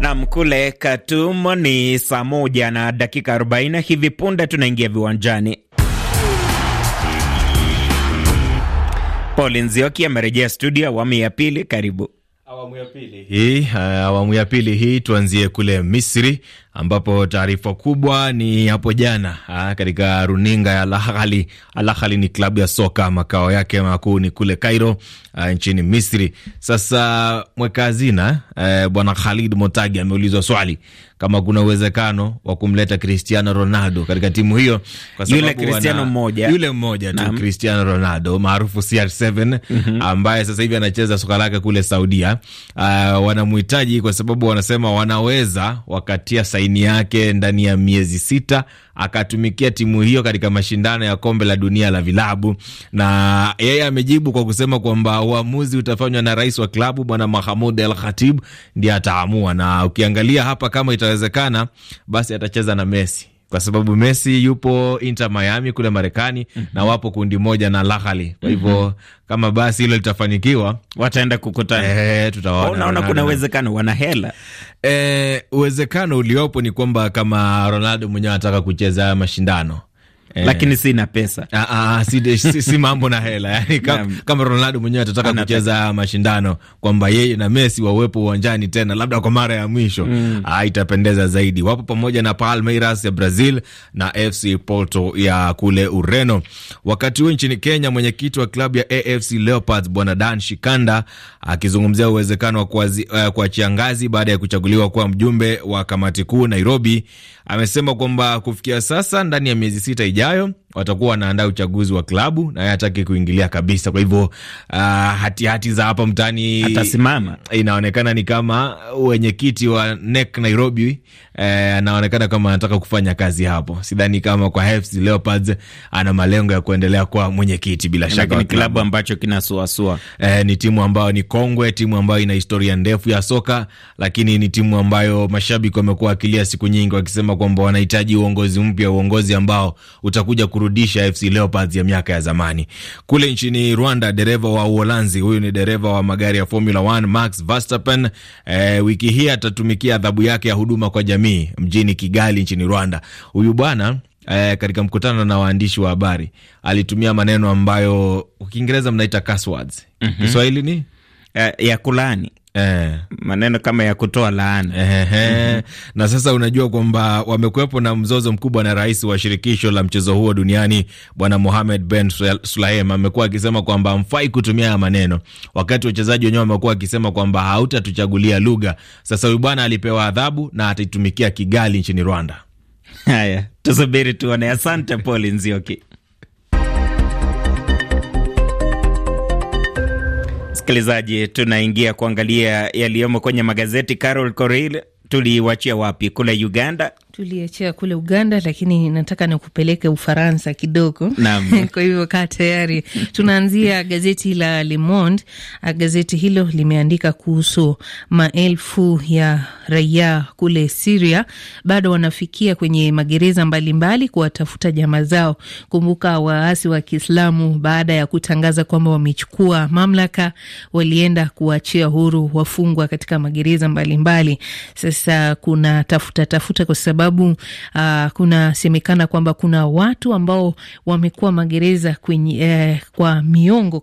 Na mkule Katumo ni saa moja na dakika 40. Hivi punde tunaingia viwanjani. Paul Nzioki amerejea studio awamu ya pili. Karibu. Awamu ya pili hii, eh, awamu ya pili hii tuanzie kule Misri ambapo taarifa kubwa ni hapo jana ah, katika runinga ya al Alahali ni klabu ya soka, makao yake makuu ni kule Cairo ah, nchini Misri. Sasa mweka hazina eh, bwana Khalid Motagi ameulizwa swali kama kuna uwezekano wa kumleta Cristiano Ronaldo katika timu hiyo, kwa sababu yule Cristiano mmoja, yule mmoja tu Cristiano Ronaldo maarufu CR7 mm -hmm. ambaye sasa hivi anacheza soka lake kule Saudia. Uh, wanamhitaji kwa sababu wanasema wanaweza wakatia saini yake ndani ya miezi sita, akatumikia timu hiyo katika mashindano ya kombe la dunia la vilabu, na yeye amejibu kwa kusema kwamba uamuzi utafanywa na rais wa klabu bwana Mahamud El Khatib, ndiye ataamua, na ukiangalia hapa, kama itawezekana, basi atacheza na Messi kwa sababu Messi yupo Inter Miami kule Marekani mm -hmm. na wapo kundi moja na Lahali, kwa mhm. hivyo mm -hmm. kama basi hilo litafanikiwa wataenda kukutana. eh, tutaona. Unaona kuna uwezekano wana hela eh, uwezekano uliopo ni kwamba kama Ronaldo mwenyewe anataka kucheza mashindano Eh, lakini sina pesa ah, ah, si, si, si mambo na hela yani, kam, kama Ronaldo mwenyewe atataka kucheza mashindano kwamba yeye na Messi wawepo uwanjani tena labda kwa mara ya mwisho mm. ah, itapendeza zaidi. Wapo pamoja na Palmeiras ya Brazil na FC Porto ya kule Ureno. Wakati huu nchini Kenya, mwenyekiti wa klabu ya AFC Leopards bwana Dan Shikanda akizungumzia ah, uwezekano wa eh, kuachia uh, ngazi baada ya kuchaguliwa kuwa mjumbe wa kamati kuu Nairobi Amesema kwamba kufikia sasa, ndani ya miezi sita ijayo watakuwa wanaandaa uchaguzi wa klabu na yeye hataki kuingilia kabisa. Kwa hivyo uh, ah, hatihati za hapa mtaani atasimama. Inaonekana ni kama wenyekiti wa NEC Nairobi eh, anaonekana eh, kama anataka kufanya kazi hapo. Sidhani kama kwa AFC Leopards ana malengo ya kuendelea kwa mwenyekiti, bila shaka ni klabu ambacho kinasuasua. Eh, ni timu ambayo ni kongwe, timu ambayo ina historia ndefu ya soka, lakini ni timu ambayo mashabiki wamekuwa akilia siku nyingi wakisema wanasema kwamba wanahitaji uongozi mpya, uongozi ambao utakuja kurudisha FC Leopards ya miaka ya zamani. Kule nchini Rwanda, dereva wa Uholanzi, huyu ni dereva wa magari ya Formula 1 Max Verstappen, eh, wiki hii atatumikia adhabu yake ya huduma kwa jamii mjini Kigali nchini Rwanda. Huyu bwana eh, katika mkutano na waandishi wa habari alitumia maneno ambayo Kiingereza mnaita cuss words. Mm -hmm. Kiswahili ni uh, ya kulani Eh, maneno kama ya kutoa laana eh, eh. Mm -hmm. Na sasa unajua kwamba wamekuwepo na mzozo mkubwa na rais wa shirikisho la mchezo huo duniani Bwana Mohamed Ben Sulaim amekuwa akisema kwamba mfai kutumia haya maneno, wakati wachezaji wenyewe wamekuwa akisema kwamba hautatuchagulia lugha. Sasa huyu bwana alipewa adhabu na ataitumikia Kigali nchini Rwanda. Haya, tusubiri tuone. Asante Paul Nzioki. Msikilizaji, tunaingia kuangalia yaliyomo kwenye magazeti. Carol Coril, tuliwachia wapi? Kule Uganda tuliachia kule Uganda, lakini nataka nikupeleke Ufaransa kidogo. Kwa hivyo kaa tayari. Tunaanzia gazeti la Le Monde. Gazeti hilo limeandika kuhusu maelfu ya raia kule Siria bado wanafikia kwenye magereza mbalimbali kuwatafuta jamaa zao. Kumbuka waasi wa Kiislamu baada ya kutangaza kwamba wamechukua mamlaka, walienda kuwachia huru wafungwa katika magereza mbalimbali Sasa kuna tafuta tafuta kwa sababu sababu uh, kunasemekana kwamba kuna watu ambao wamekuwa magereza kwenye, uh, kwa miongo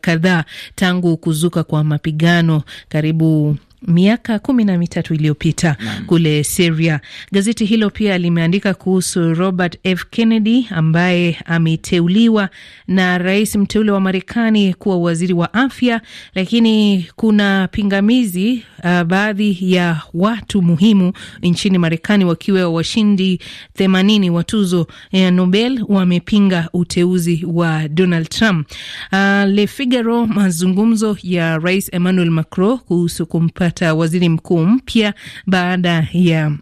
kadhaa tangu kuzuka kwa mapigano karibu miaka kumi na mitatu iliyopita kule siria Gazeti hilo pia limeandika kuhusu Robert F Kennedy ambaye ameteuliwa na rais mteule wa Marekani kuwa waziri wa afya, lakini kuna pingamizi uh, baadhi ya watu muhimu nchini Marekani wakiwa washindi themanini wa tuzo ya Nobel wamepinga uteuzi wa Donald Trump. Uh, Le Figaro, mazungumzo ya rais Emmanuel Macron kuhusu kumpa kumpata waziri mkuu mpya baada ya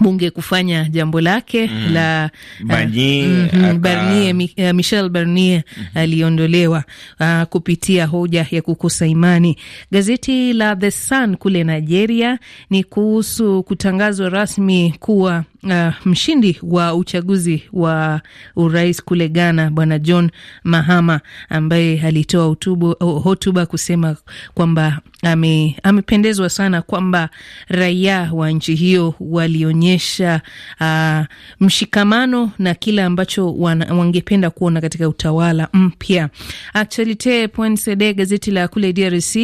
bunge kufanya jambo lake mm. la uh, Barnier, uh, mm, aka... uh, Michel Barnier mm -hmm. aliondolewa uh, kupitia hoja ya kukosa imani. Gazeti la The Sun kule Nigeria ni kuhusu kutangazwa rasmi kuwa Uh, mshindi wa uchaguzi wa urais kule Ghana bwana John Mahama ambaye alitoa hotuba kusema kwamba ame, amependezwa sana kwamba raia wa nchi hiyo walionyesha uh, mshikamano na kile ambacho wangependa kuona katika utawala mpya. Actualite gazeti la kule DRC,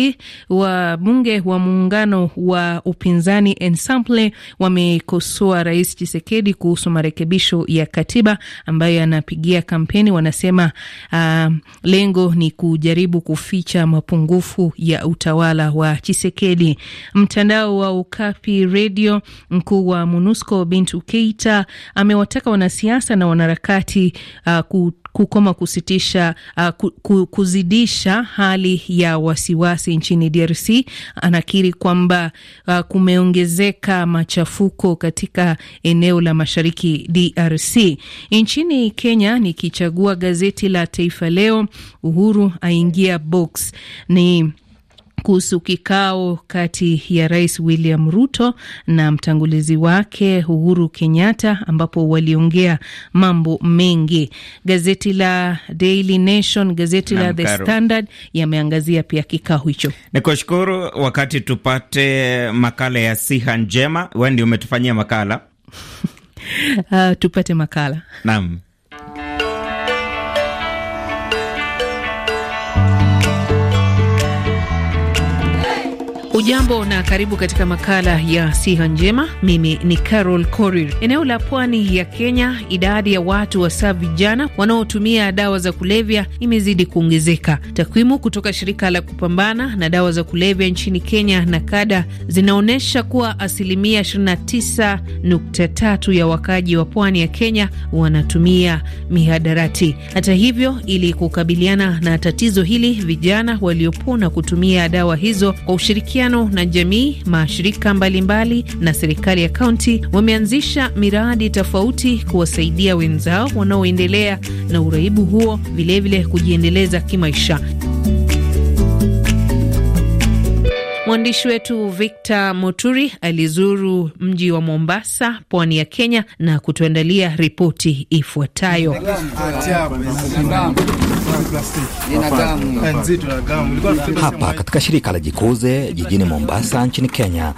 wabunge wa muungano wa upinzani Ensemble wamekosoa rais Tshisekedi kuhusu marekebisho ya katiba ambayo yanapigia kampeni. Wanasema uh, lengo ni kujaribu kuficha mapungufu ya utawala wa chisekedi Mtandao wa Ukapi redio mkuu wa MONUSCO Bintu Keita amewataka wanasiasa na wanaharakati uh, kukoma kusitisha uh, kuzidisha hali ya wasiwasi nchini DRC. Anakiri kwamba uh, kumeongezeka machafuko katika eneo la mashariki DRC. Nchini Kenya, nikichagua gazeti la Taifa Leo, Uhuru aingia box ni kuhusu kikao kati ya Rais William Ruto na mtangulizi wake Uhuru Kenyatta ambapo waliongea mambo mengi. Gazeti la Daily Nation, gazeti na la The Standard yameangazia pia kikao hicho. Ni kushukuru wakati tupate makala ya siha njema. Wewe ndio umetufanyia makala. Uh, tupate makala. Naam. Ujambo na karibu katika makala ya siha njema. Mimi ni Carol Korir. Eneo la pwani ya Kenya, idadi ya watu saa vijana wanaotumia dawa za kulevya imezidi kuongezeka. Takwimu kutoka shirika la kupambana na dawa za kulevya nchini Kenya na kada zinaonyesha kuwa asilimia 29.3 ya wakaaji wa pwani ya Kenya wanatumia mihadarati. Hata hivyo, ili kukabiliana na tatizo hili, vijana waliopona kutumia dawa hizo kwa ushirikiano ushirikiano na jamii, mashirika mbalimbali mbali, na serikali ya kaunti wameanzisha miradi tofauti kuwasaidia wenzao wanaoendelea na uraibu huo, vilevile vile kujiendeleza kimaisha. Mwandishi wetu Victor Moturi alizuru mji wa Mombasa, pwani ya Kenya, na kutuandalia ripoti ifuatayo. Hapa katika shirika la Jikuze jijini Mombasa nchini Kenya,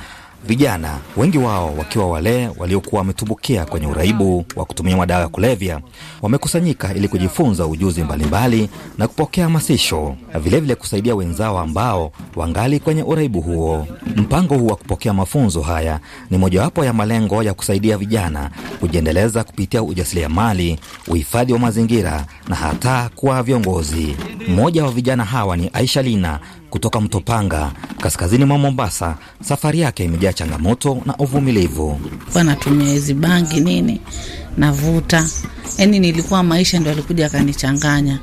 vijana wengi wao wakiwa wale waliokuwa wametumbukia kwenye uraibu wa kutumia madawa ya kulevya wamekusanyika ili kujifunza ujuzi mbalimbali mbali na kupokea hamasisho, vilevile kusaidia wenzao ambao wangali kwenye uraibu huo. Mpango huu wa kupokea mafunzo haya ni mojawapo ya malengo ya kusaidia vijana kujiendeleza kupitia ujasiriamali, uhifadhi wa mazingira na hata kuwa viongozi. Mmoja wa vijana hawa ni Aisha Lina kutoka Mtopanga kaskazini mwa Mombasa. Safari yake imejaa changamoto na uvumilivu. Natumia hizi bangi nini, navuta, yani, nilikuwa maisha ndo alikuja akanichanganya.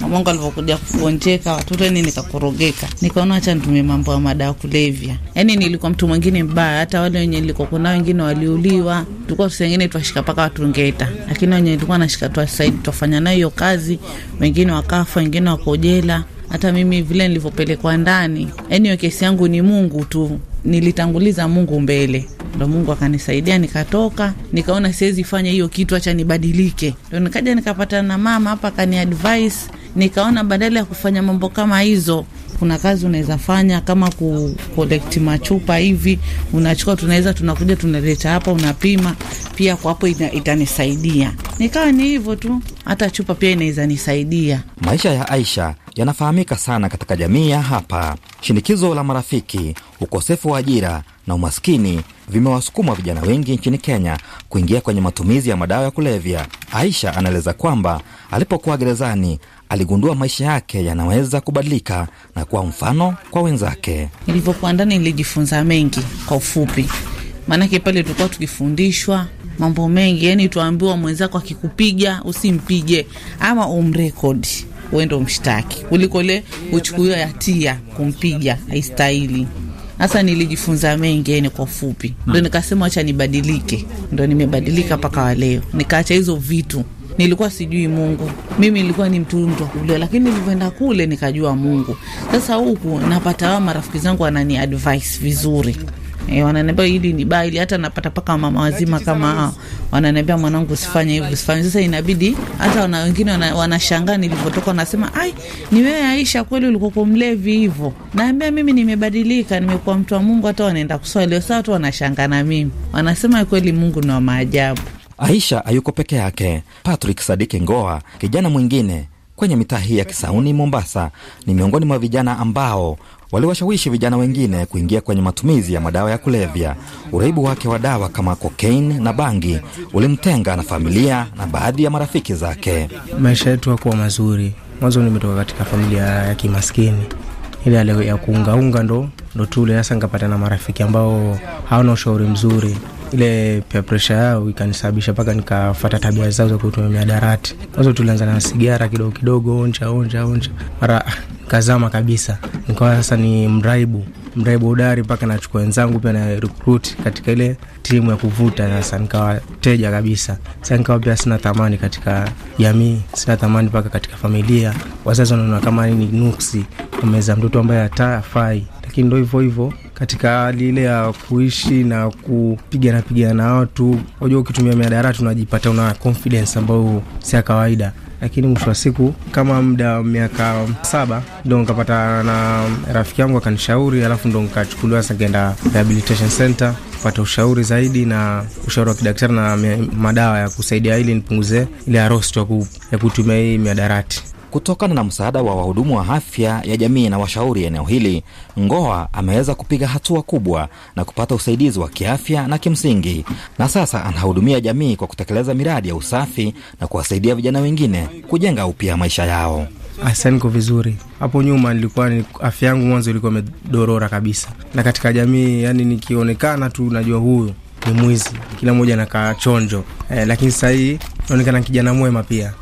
Mungu alivyokuja kuonjeka watoto ni yaani nikakorogeka, nikaona acha nitumie mambo ya madawa kulevya. Yani nilikuwa mtu mwingine mbaya, hata wale wenye nilikuwa kuna wengine waliuliwa, tulikuwa wengine twashika paka watungeta, lakini wenye nilikuwa nashika twafanya nayo hiyo kazi, wengine wakafa, wengine wako jela hata mimi vile nilivyopelekwa ndani, yo kesi yangu ni Mungu tu, nilitanguliza Mungu mbele, ndo Mungu akanisaidia nikatoka. Nikaona siwezi fanya hiyo kitu, acha nibadilike. Ndo nikaja nikapatana na mama hapa, akani advise. Nikaona badala ya kufanya mambo kama hizo, kuna kazi unaweza fanya kama ku collect machupa hivi, unachukua tunaweza, tunakuja tunaleta hapa, unapima pia kwa hapo, itanisaidia nikawa ni hivyo tu, hata chupa pia inaweza nisaidia. Maisha ya Aisha yanafahamika sana katika jamii ya hapa. Shinikizo la marafiki, ukosefu wa ajira na umaskini vimewasukuma vijana wengi nchini Kenya kuingia kwenye matumizi ya madawa ya kulevya. Aisha anaeleza kwamba alipokuwa gerezani aligundua maisha yake yanaweza kubadilika na kuwa mfano kwa wenzake. Nilivyokuwa ndani nilijifunza mengi, kwa ufupi, maanake pale tulikuwa tukifundishwa mambo mengi, yani tuambiwa mwenzako akikupiga usimpige ama umrekodi uendo mshtaki kuliko le uchukuliwa hatia kumpiga, haistahili. Hasa nilijifunza mengi yani kwa fupi, ndo hmm. nikasema wacha nibadilike, ndo nimebadilika mpaka waleo, nikaacha hizo vitu nilikuwa sijui Mungu. Mimi nilikuwa ni mtu mtu kulia, lakini nilivyoenda kule nikajua Mungu. Sasa huku napata wao marafiki zangu wanani advice vizuri. E, wananiambia hili ni baya, ili hata napata paka mama wazima kama hao wananiambia, mwanangu, usifanye hivi, usifanye. Sasa inabidi hata wana wengine wanashangaa wana nilivyotoka, wanasema ai, ni wewe Aisha, kweli ulikuwa mlevi hivyo? Naambia mimi nimebadilika, nimekuwa mtu wa Mungu. Hata wanaenda kuswali leo, sasa watu wanashangaa na mimi, wanasema kweli Mungu ni wa maajabu. Aisha hayuko peke yake. Patrick Sadiki Ngoa, kijana mwingine kwenye mitaa hii ya Kisauni, Mombasa, ni miongoni mwa vijana ambao waliwashawishi vijana wengine kuingia kwenye matumizi ya madawa ya kulevya. Uraibu wake wa dawa kama kokaini na bangi ulimtenga na familia na baadhi ya marafiki zake. Maisha yetu hakuwa mazuri mwanzo. Nimetoka katika familia ya kimaskini, ile ale ya kuungaunga ndo ndo tule. Sasa nikapata na marafiki ambao hawana ushauri mzuri ile pia pressure yao ikanisababisha mpaka nikafata tabia zao za kutumia miadarati. Kwanza tulianza na sigara kidogo kidogo, onja onja onja, mara kazama kabisa, nikawa sasa ni mraibu mraibu udari mpaka nachukua wenzangu pia na recruit katika ile timu ya kuvuta. Sasa nikawa teja kabisa. Sasa nikawa pia sina thamani katika jamii, sina thamani mpaka katika familia. Wazazi wanaona kama ni nuksi, umeza mtoto ambaye hatafai, lakini ndo hivyo hivyo katika hali ile ya kuishi na kupigana pigana na watu. Unajua, ukitumia miadarati unajipata una confidence ambayo si ya kawaida, lakini mwisho wa siku, kama muda wa miaka saba ndo nkapata na rafiki yangu akanishauri, alafu ndo nkachukuliwa sakenda rehabilitation center pata ushauri zaidi na ushauri wa kidaktari na madawa ya kusaidia ili nipunguze ile arosto ya kutumia hii miadarati. Kutokana na msaada wa wahudumu wa afya ya jamii na washauri eneo hili, Ngoa ameweza kupiga hatua kubwa na kupata usaidizi wa kiafya na kimsingi, na sasa anahudumia jamii kwa kutekeleza miradi ya usafi na kuwasaidia vijana wengine kujenga upya maisha yao. asaniko vizuri. Hapo nyuma nilikuwa afya yangu mwanzo ilikuwa imedorora kabisa, na katika jamii yani nikionekana tu najua huyu ni mwizi, kila mmoja nakaa chonjo eh, lakini sahii naonekana kijana mwema pia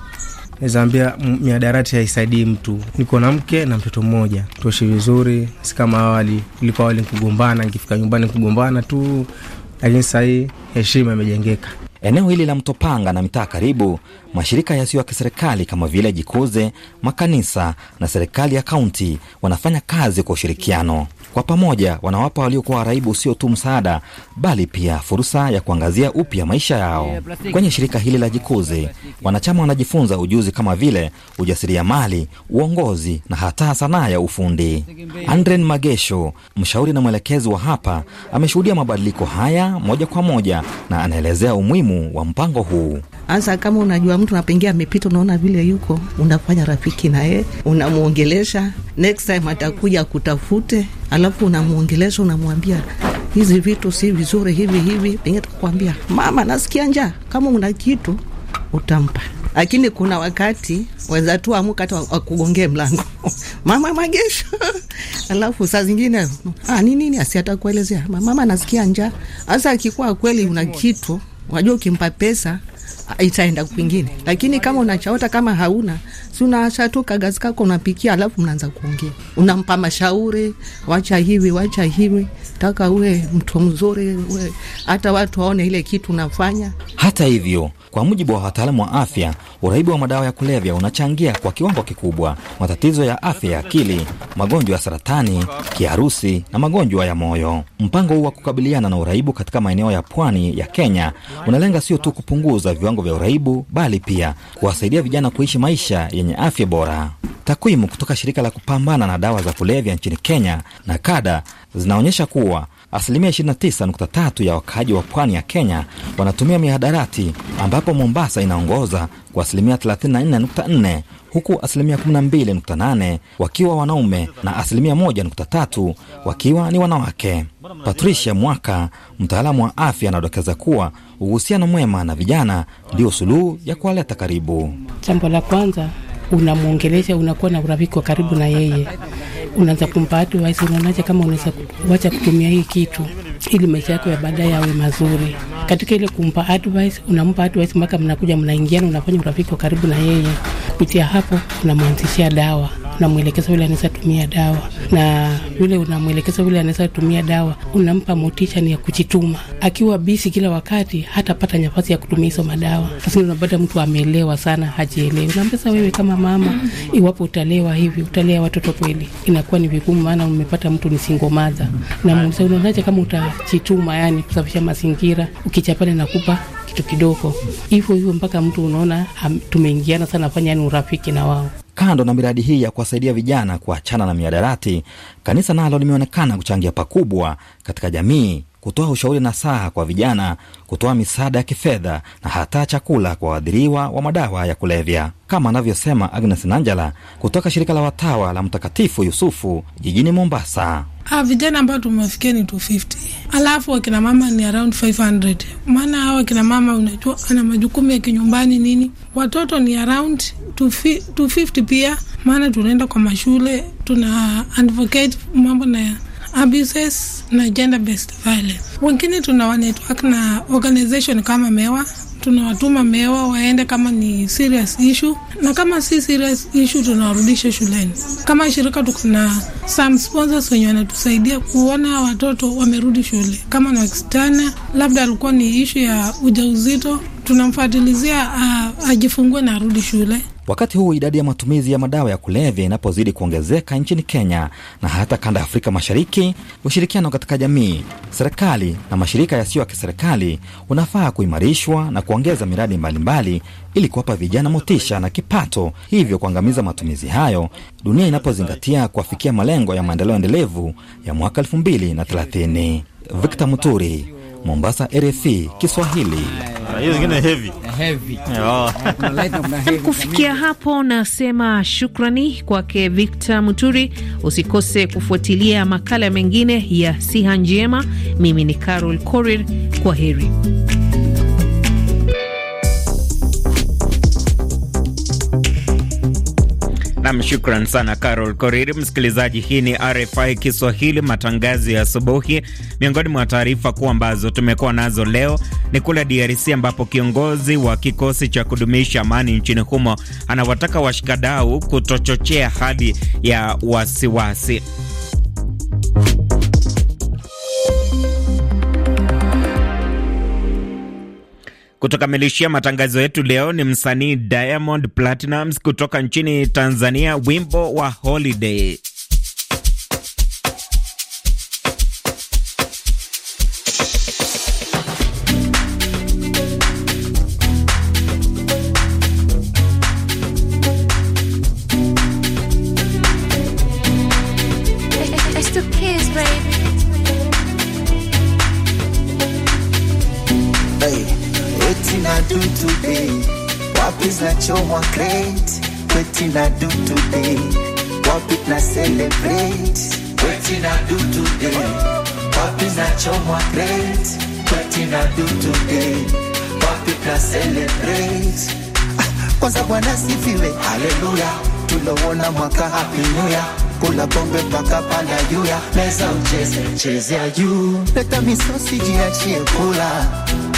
nizaambia miadarati haisaidii mtu. Niko na mke na mtoto mmoja, tuishi vizuri, si kama awali. Ilikuwa awali nikugombana, nikifika nyumbani nikugombana tu, lakini sahii heshima imejengeka. Eneo hili la Mtopanga na mitaa karibu Mashirika yasiyo ya kiserikali kama vile Jikuze, makanisa na serikali ya kaunti wanafanya kazi kwa ushirikiano. Kwa pamoja, wanawapa waliokuwa waraibu sio tu msaada, bali pia fursa ya kuangazia upya maisha yao. Kwenye shirika hili la Jikuze, wanachama wanajifunza ujuzi kama vile ujasiriamali, uongozi na hata sanaa ya ufundi. Andren Magesho, mshauri na mwelekezi wa hapa, ameshuhudia mabadiliko haya moja kwa moja na anaelezea umuhimu wa mpango huu hasa kama unajua mtu napengia amepita, unaona vile yuko, unafanya rafiki naye, unamwongelesha, next time atakuja kutafute, alafu unamwongelesha, unamwambia hizi vitu si vizuri hivi hivi, pengine atakwambia mama, nasikia njaa, kama una kitu utampa lakini kuna wakati waweza tu amuka hata wakugongee mlango mama magesho. Alafu saa zingine ah, ni nini asi atakuelezea mama, nasikia njaa. Hasa akikuwa kweli una kitu, wajua, ukimpa pesa itaenda kwingine, lakini kama unachaota kama hauna si gazi kako unapikia, alafu mnaanza kuongea, unampa mashauri, wacha hivi, wacha hivi, taka uwe mtu mzuri, uwe hata watu waone ile kitu unafanya. Hata hivyo, kwa mujibu wa wataalamu wa afya, uraibu wa madawa ya kulevya unachangia kwa kiwango kikubwa matatizo ya afya ya akili, magonjwa ya saratani, kiharusi na magonjwa ya moyo. Mpango huu wa kukabiliana na uraibu katika maeneo ya pwani ya Kenya unalenga sio tu kupunguza viwango vya uraibu, bali pia kuwasaidia vijana kuishi maisha ya yenye afya bora. Takwimu kutoka shirika la kupambana na dawa za kulevya nchini Kenya na kada zinaonyesha kuwa asilimia 29.3 ya wakaaji wa pwani ya Kenya wanatumia mihadarati, ambapo Mombasa inaongoza kwa asilimia 34.4 huku asilimia 12.8 wakiwa wanaume na asilimia 1.3 wakiwa ni wanawake. Patricia Mwaka, mtaalamu wa afya, anadokeza kuwa uhusiano mwema na vijana ndio suluhu ya kuwaleta karibu. Jambo la kwanza unamwongelesha, unakuwa na urafiki wa karibu na yeye, unaanza kumpa advice, unaonaje kama unaweza kuacha kutumia hii kitu ili maisha yako ya baadaye yawe mazuri. Katika ile kumpa advice, unampa advice mpaka mnakuja mnaingiana, unafanya urafiki wa karibu na yeye. Kupitia hapo unamwanzishia dawa unamwelekeza vile anaweza tumia dawa, na vile unamwelekeza vile anaweza tumia dawa, unampa motisha ni ya kujituma. Akiwa bisi kila wakati, hatapata nafasi ya kutumia hizo madawa. Lakini unapata mtu ameelewa sana, hajielewi. Nampesa wewe kama mama, iwapo utalewa hivi, utalea watoto kweli? Inakuwa ni vigumu, maana umepata mtu ni single mother. mse unaonaje kama utajituma, yani kusafisha mazingira, ukichapana na kupa kitu kidogo hivyo hivyo, mpaka mtu unaona tumeingiana sana, fanya yani urafiki na wao. Kando na miradi hii ya kuwasaidia vijana kuachana na miadarati, kanisa nalo limeonekana kuchangia pakubwa katika jamii, kutoa ushauri na saha kwa vijana, kutoa misaada ya kifedha na hata chakula kwa waadhiriwa wa madawa ya kulevya, kama anavyosema Agnes Nanjala kutoka shirika la watawa la Mtakatifu Yusufu jijini Mombasa. Ah, vijana ambao tumewafikia ni 250 alafu wakina mama ni around 500. Maana hao wakina mama unajua ana majukumu ya kinyumbani nini, watoto ni around 250 pia, maana tunaenda kwa mashule tuna advocate mambo na abuses na gender based violence. Wengine tuna network na organization kama Mewa tunawatuma mewa waende kama ni serious issue, na kama si serious issue tunawarudisha shuleni. Kama shirika tukuna some sponsors wenye wanatusaidia kuona watoto wamerudi shule. Kama ni wakistana labda alikuwa ni ishu ya ujauzito, tunamfatilizia ah, ajifungue na arudi shule. Wakati huu idadi ya matumizi ya madawa ya kulevya inapozidi kuongezeka nchini Kenya na hata kanda ya Afrika Mashariki, ushirikiano katika jamii, serikali na mashirika yasiyo ya kiserikali unafaa kuimarishwa na kuongeza miradi mbalimbali ili kuwapa vijana motisha na kipato, hivyo kuangamiza matumizi hayo, dunia inapozingatia kuafikia malengo ya maendeleo endelevu ya mwaka elfu mbili na thelathini. Victor Muturi, Mombasa, RFI Kiswahili. Ah, eh, oh. Kufikia hapo nasema shukrani kwake Victor Muturi. Usikose kufuatilia makala mengine ya Siha Njema. Mimi ni Carol Korir, kwa heri. Nam, shukran sana Carol Koriri. Msikilizaji, hii ni RFI Kiswahili, matangazo ya asubuhi. Miongoni mwa taarifa kuu ambazo tumekuwa nazo leo ni kule DRC ambapo kiongozi wa kikosi cha kudumisha amani nchini humo anawataka washikadau kutochochea hali ya wasiwasi. Kutukamilishia matangazo yetu leo ni msanii Diamond Platinumz kutoka nchini Tanzania, wimbo wa Holiday. Wetin I do today? Wapis na choma crate. Wetin I do today? Wapit na celebrate. Wetin I do today? Wapis na choma crate. Wetin I do today? Wapit na celebrate. Kwanza Bwana sifiwe, haleluya. Tunaona mwaka happy new year kula pombe mpaka panda juu ya meza, ucheze cheze ya juu, leta misosi, jiachie kula,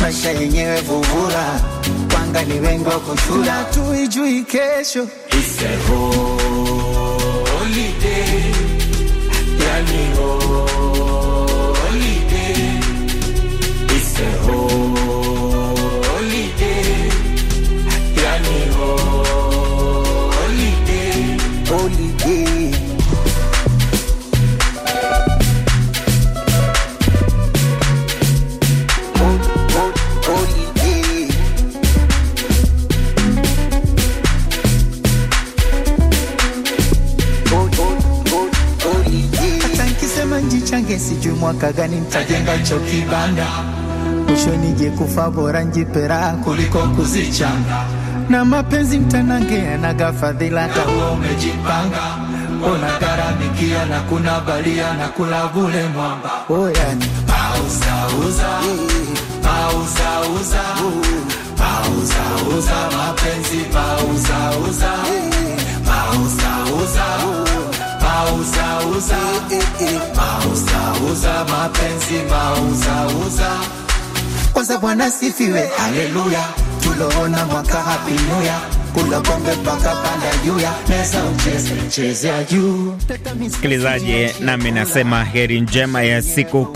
maisha yenyewe vuvura, wanga ni wengi wa kushula, tuijui kesho iseho ndicho kibanda, mwisho nije kufa bora kuliko kuzichanga, na mapenzi mtanange yanaga fadhila, taua umejipanga karamikia na kunabalia na kula vule mwamba oyani oh, uza pauzauza uza mapenzi pauzauza uza. Mauza uza mauza uza mapenzi mauza uza kwanza, Bwana sifiwe, haleluya, tuloona mwaka happy new year kula mpaka panda juu ya meza ucheze cheze ya juu. Msikilizaji, nami nasema heri njema ya siku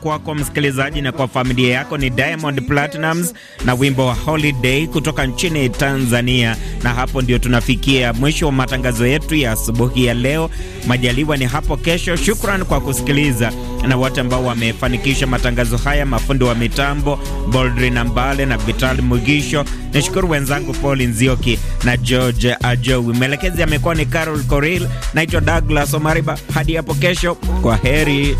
kwako msikilizaji na kwa familia yako. Ni Diamond Platnumz na wimbo wa Holiday kutoka nchini Tanzania. Na hapo ndio tunafikia mwisho wa matangazo yetu ya asubuhi ya leo. Majaliwa ni hapo kesho. Shukran kwa kusikiliza na wote ambao wamefanikisha matangazo haya, mafundi wa mitambo Boldri Nambale na Vital Mugisho. Nishukuru wenzangu Paul Nzio Nzioki na George Ajowi. Mwelekezi amekuwa ni Carol Coril. Naitwa Douglas Omariba. Hadi hapo kesho, kwa heri.